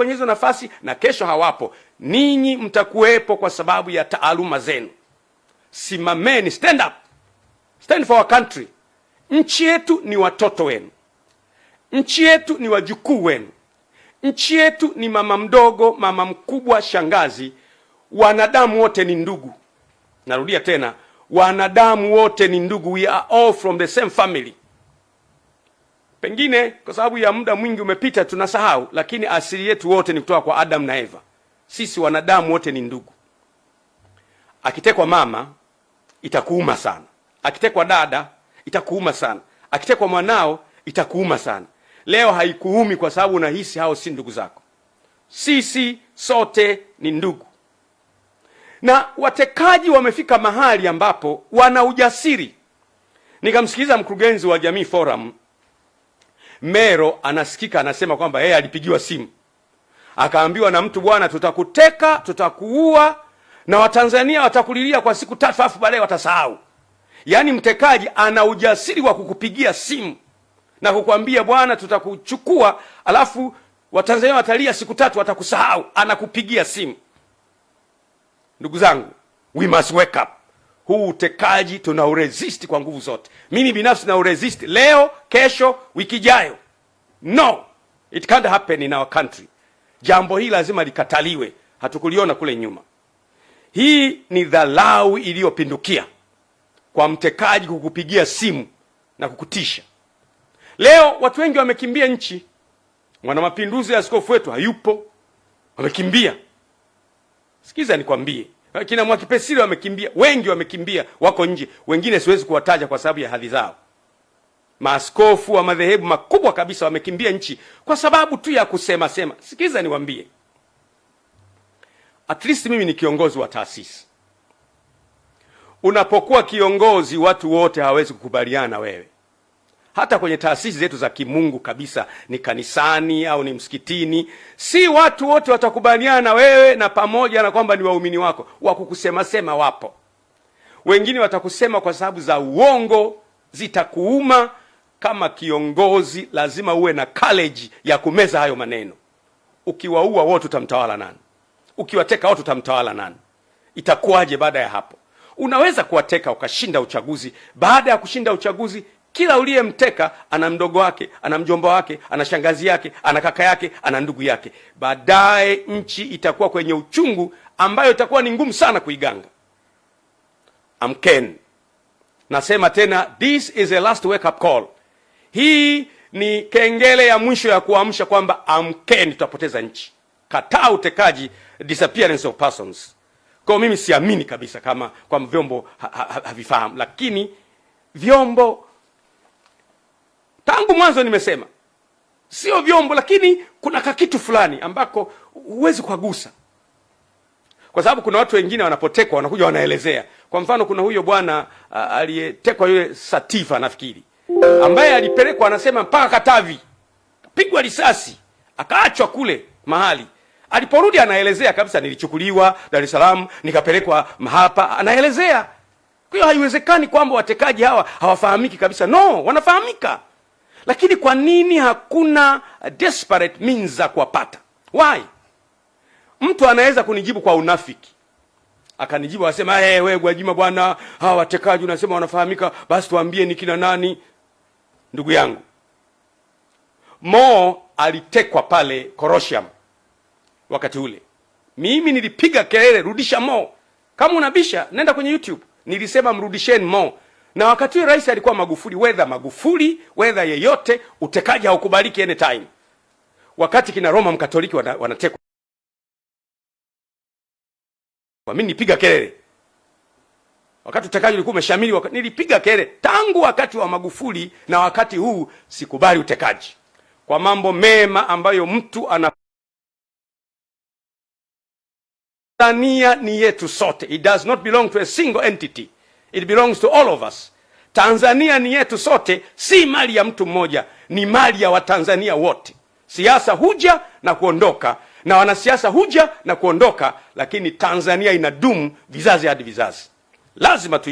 kwenye hizo nafasi na kesho hawapo. Ninyi mtakuwepo kwa sababu ya taaluma zenu. Simameni, stand up, stand for our country. Nchi yetu ni watoto wenu, nchi yetu ni wajukuu wenu, nchi yetu ni mama mdogo, mama mkubwa, shangazi. Wanadamu wote ni ndugu. Narudia tena, wanadamu wote ni ndugu. We are all from the same family. Pengine kwa sababu ya muda mwingi umepita tunasahau, lakini asili yetu wote ni kutoka kwa Adam na Eva. Sisi wanadamu wote ni ndugu. Akitekwa mama itakuuma sana, akitekwa dada itakuuma sana, akitekwa mwanao itakuuma sana. Leo haikuumi kwa sababu unahisi hao si ndugu zako. Sisi sote ni ndugu, na watekaji wamefika mahali ambapo wana ujasiri. Nikamsikiliza mkurugenzi wa Jamii Forum Mero anasikika anasema kwamba yeye alipigiwa simu akaambiwa na mtu, bwana, tutakuteka tutakuua, na Watanzania watakulilia kwa siku tatu, alafu baadaye watasahau. Yaani mtekaji ana ujasiri wa kukupigia simu na kukwambia bwana, tutakuchukua, alafu Watanzania watalia siku tatu, watakusahau. Anakupigia simu. Ndugu zangu, we must wake up huu utekaji tunauresist kwa nguvu zote. Mimi binafsi nauresist leo, kesho, wiki ijayo. No, it can't happen in our country. Jambo hili lazima likataliwe. Hatukuliona kule nyuma. Hii ni dhalau iliyopindukia kwa mtekaji kukupigia simu na kukutisha. Leo watu wengi wamekimbia nchi. Mwanamapinduzi ya askofu wetu hayupo, wamekimbia. Sikiza nikwambie. Kina Mwakipesile wamekimbia, wengi wamekimbia, wako nje, wengine siwezi kuwataja kwa sababu ya hadhi zao. Maaskofu wa madhehebu makubwa kabisa wamekimbia nchi kwa sababu tu ya kusema sema. Sikiliza niwambie at least mimi ni kiongozi wa taasisi. Unapokuwa kiongozi, watu wote hawawezi kukubaliana wewe, hata kwenye taasisi zetu za kimungu kabisa, ni kanisani au ni msikitini. Si watu wote watakubaliana na wewe, na pamoja na kwamba ni waumini wako, kukusema sema wapo wengine watakusema kwa sababu za uongo, zitakuuma. Kama kiongozi, lazima uwe na kaleji ya kumeza hayo maneno. Ukiwaua wote utamtawala nani? Ukiwateka wote utamtawala nani? Itakuwaje baada ya hapo? Unaweza kuwateka ukashinda uchaguzi, baada ya kushinda uchaguzi kila uliyemteka ana mdogo wake, ana mjomba wake, ana shangazi yake, ana kaka yake, ana ndugu yake. Baadaye nchi itakuwa kwenye uchungu ambayo itakuwa ni ngumu sana kuiganga. amken nasema tena, this is a last wake up call. Hii ni kengele ya mwisho ya kuamsha kwamba amken tutapoteza nchi. Kataa utekaji, disappearance of persons. Kwa mimi siamini kabisa kama kwamba vyombo havifahamu ha, ha, lakini vyombo Tangu mwanzo nimesema sio vyombo, lakini kuna kakitu fulani ambako huwezi kugusa, kwa sababu kuna watu wengine wanapotekwa wanakuja wanaelezea. Kwa mfano, kuna huyo bwana aliyetekwa yule Satifa nafikiri, ambaye alipelekwa anasema mpaka Katavi, pigwa risasi, akaachwa kule mahali Aliporudi anaelezea kabisa, nilichukuliwa Dar es Salaam nikapelekwa hapa, anaelezea. Kwa hiyo haiwezekani kwamba watekaji hawa hawafahamiki kabisa. No, wanafahamika. Lakini kwa nini hakuna desperate means za kuwapata? Why? Mtu anaweza kunijibu kwa unafiki akanijibu asema, hey, eh, we Gwajima bwana, hawa watekaji unasema wanafahamika, basi tuambie ni kina nani? Ndugu yangu, Mo alitekwa pale Korosham wakati ule, mimi nilipiga kelele, rudisha Mo. Kama unabisha, nenda kwenye YouTube, nilisema mrudisheni Mo na wakati huyo rais alikuwa Magufuli. Wedha Magufuli, wedha yeyote, utekaji haukubaliki anytime. Wakati kina Roma Mkatoliki wanatekwa, mimi nipiga kelele wakati utekaji ulikuwa umeshamili wakati, nilipiga kelele tangu wakati wa Magufuli na wakati huu sikubali utekaji. Kwa mambo mema ambayo mtu ana Tanzania ni yetu sote, it does not belong to a single entity. It belongs to all of us. Tanzania ni yetu sote, si mali ya mtu mmoja, ni mali ya Watanzania wote. Siasa huja na kuondoka na wanasiasa huja na kuondoka, lakini Tanzania inadumu vizazi hadi vizazi. Lazima tu